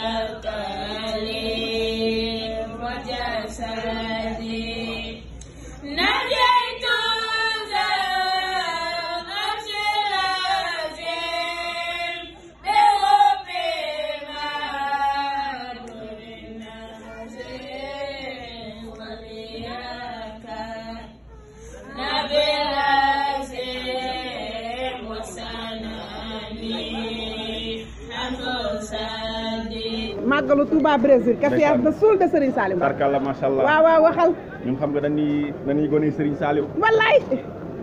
Go, go. màggalu Touba Brésil kese yaa na suul de Serigne Saliou tarkalla macha allah waaw waaw waxal ñun xam nga dañuy dañuy gone Serigne Saliou wallaay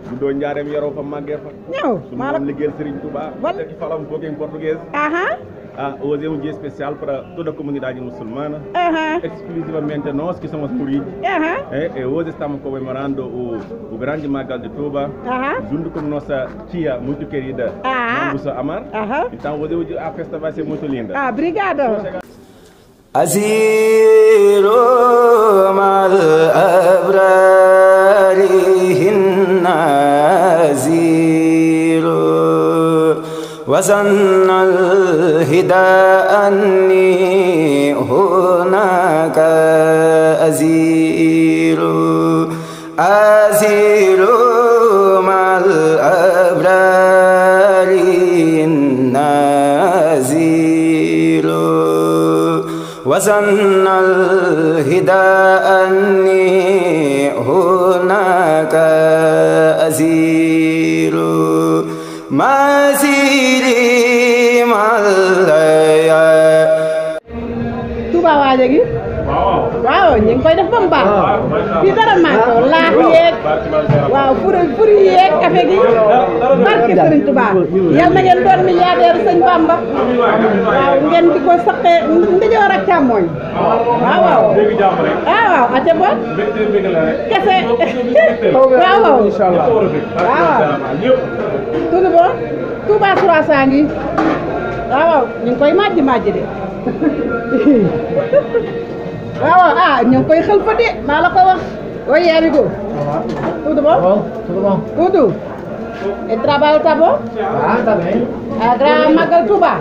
bu doo njaareem yaroo fa màggee fa ñëw maa la liggéeyal Serigne Touba wala falam um pouco em português aham Ah, hoje é um dia especial para euh, toda a comunidade muçulmana, uhum. exclusivamente nós que somos murid. Eh, uhum. É, hoje estamos comemorando o, o grande Magal de Tuba, uhum. junto com nossa tia muito querida, uhum. Mambusa Amar. Então hoje a festa vai ser muito linda. Ah, obrigada! أزير مع الأبرار هن أزير وزن الهدى أني هناك أزير أزير وسن الهدى أني هناك أزيل مسيري ñu ngi koy def ba dara manqué wu laax yeeg waaw furi furi yeeg café gi barke Serigne Touba yal ngeen doon milliardaire sëñ Bamba waaw ngeen di ko saqee ndijoor ak càmmooñ waaw waaw ah waaw ate bon kese waaw waaw waaw tunu bo Touba ngi waaw koy de waaw ah ñu ngi koy xel fa de maa la ko wax oui yaa ngi ko. tuuti ba tuuti ba tuuti. et travail tabo. ah ça va. ah grand magal Touba.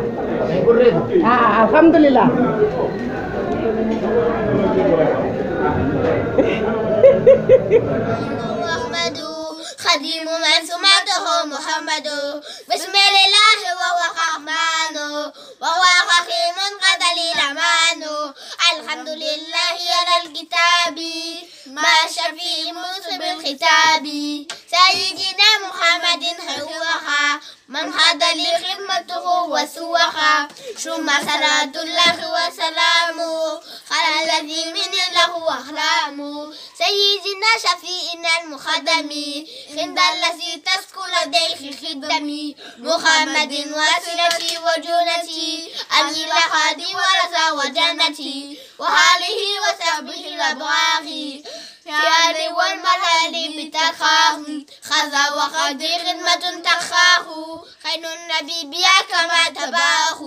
ah Alhamdulillah. خديم من سمعته محمد بسم الله وهو الرحمن وهو الحمد لله على الكتاب ما شفي موسى الختاب سيدنا محمد هو من هذا اللي خدمته وسوخا ثم صلاة الله وسلامه على الذي من له أخلامه سيدنا شفيئنا المخدم عند الذي تسكن لديه خدمي محمد وسلتي وجنتي أني لخادي ورزا وجنتي وحاله وسبه لبغاغي في أرض بتخاه خذا وخدي خدمة تخاه خير النبي بها كما تباه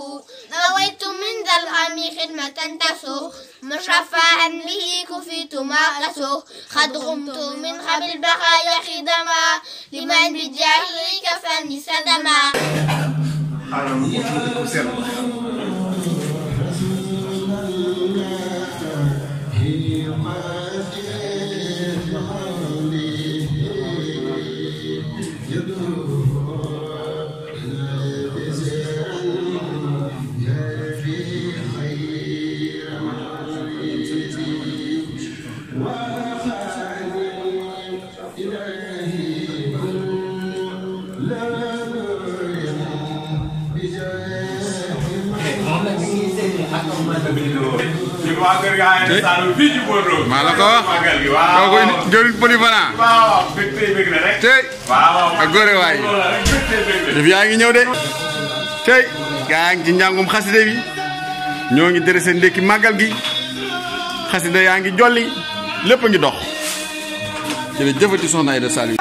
نويت من ذا الهم خدمة تسوه مشرفا به كفيت ما قسوه قد غمت من خب البقايا خدما لمن بجاهه كفاني سدما maa la ko wax kooku njëriñ pëli fana tey ak góore waay daf yaa ngi ñëw de tey gaa ngi ci njàngum xasida bi ñoo ngi dere seen ndékki màggal gi xasida yaa ngi jolli lépp a ngi dox jërëjëfati soxna Aïda Saliou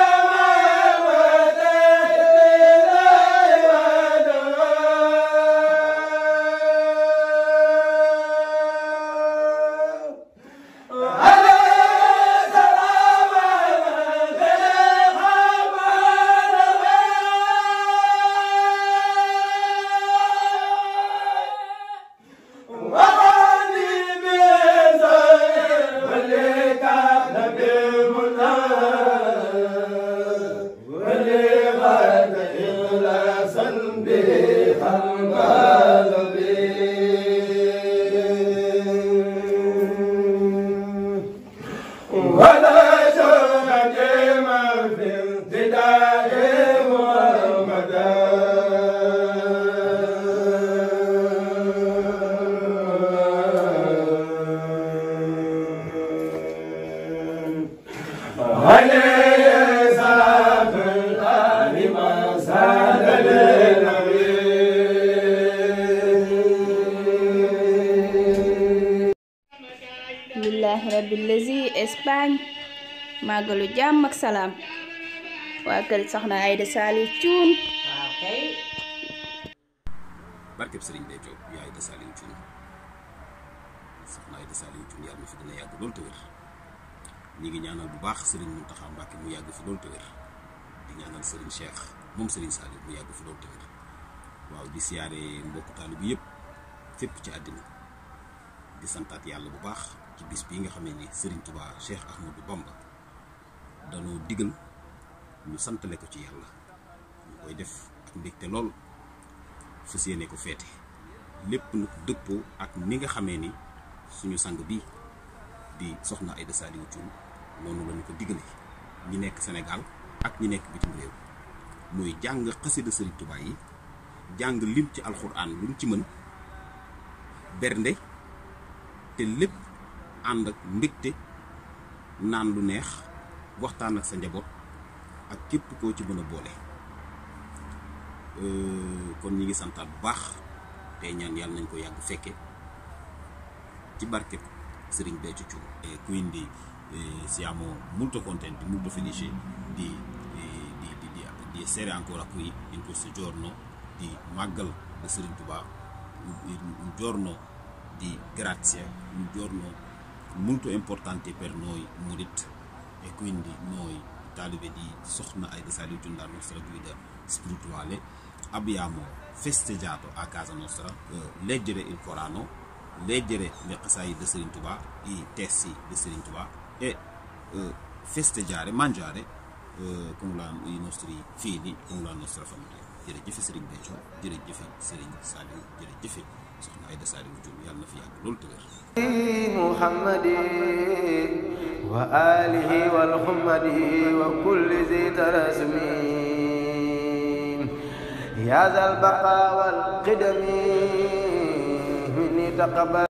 Bhagavad alhamdulilahi rabbil salaam waa kër soxna Aida Saliou Thioune. a ñaanal bu baax Serigne Mountakha Mbacké mu yàgg fi loolu te wér di ñaanal Serigne Cheikh moom Serigne Saliou mu yàgg fi loolu te waaw di siyaare mbokku taalibe yëpp fépp ci àddina di santaat yàlla bu baax. ci bis bii nga xamee ni Serigne tubaa Cheikh Ahmadou Bamba dañoo digal ñu santale ko ci yàlla ñu koy def ak te lool fas yéene ko feete lépp nag dëppoo ak ni nga xamee ni suñu sang bi di soxna Aïda Saliou Thioune noonu la ñu ko diggale ñi nekk Sénégal ak ñi nekk bitim réew muy jàng xasida Serigne Touba yi jàng lim ci alxuraan luñ ci mën bernde te lépp ànd ak mbégte naan lu neex waxtaan ak sa njaboot ak képp koo ci mën a boole euh, kon ñi ngi santaat bu baax tey ñaan yàlla nañ ko yàgg fekke ci barke Sëriñ Béthio Thioune quindi euh, siamo molto contenti molto felici di di di di essere ancora qui in questo giorno di magal de Sëriñ un giorno di grazia un giorno molto importante per noi Murit e quindi noi talibè di Sokhna Aida Saliu la nostra guida spirituale, abbiamo festeggiato a casa nostra eh, leggere il Corano, leggere le Qasai di Serin Tuba, i testi di Serin Tuba e eh, festeggiare, mangiare eh, con la, i nostri figli, con la nostra famiglia. Direi di Serin Beccio, direi di Serin Salut direi di soxna Aida Saari wu jur yàlla na fi yàgg loolu tëgër محمد وآله والحمد وكل ذي ترسمين يا ذا البقاء والقدم مني تقبل